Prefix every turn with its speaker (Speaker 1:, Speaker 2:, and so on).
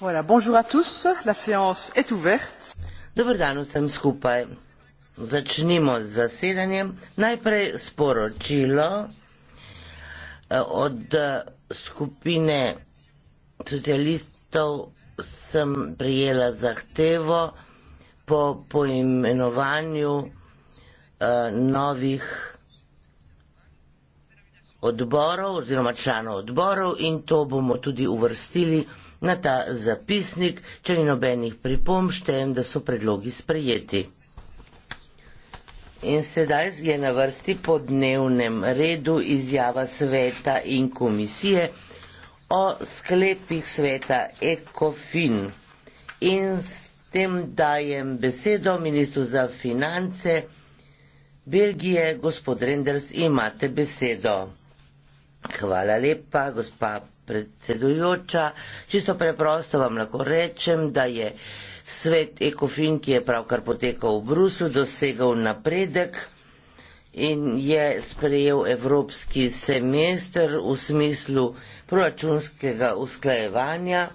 Speaker 1: Voilà, bonjour à tous, la séance est ouverte. Dobar dan vsem skupaj. Začnimo z zasedanjem. Najprej sporočilo eh, od eh, skupine socialistov sem prijela zahtevo po poimenovanju uh, novih odborov oziroma članov odborov in to bomo tudi uvrstili na ta zapisnik, če ni nobenih pripomb, štejem, da so predlogi sprejeti. In sedaj je na vrsti po dnevnem redu izjava sveta in komisije o sklepih sveta ECOFIN. In s tem dajem besedo ministru za finance Belgije, gospod Renders, imate besedo. Hvala lepa, gospa predsedujoča. Čisto preprosto vam lahko rečem, da je svet ECOFIN, ki je pravkar potekal v Bruslu, dosegal napredek in je sprejel evropski semester v smislu proračunskega usklajevanja.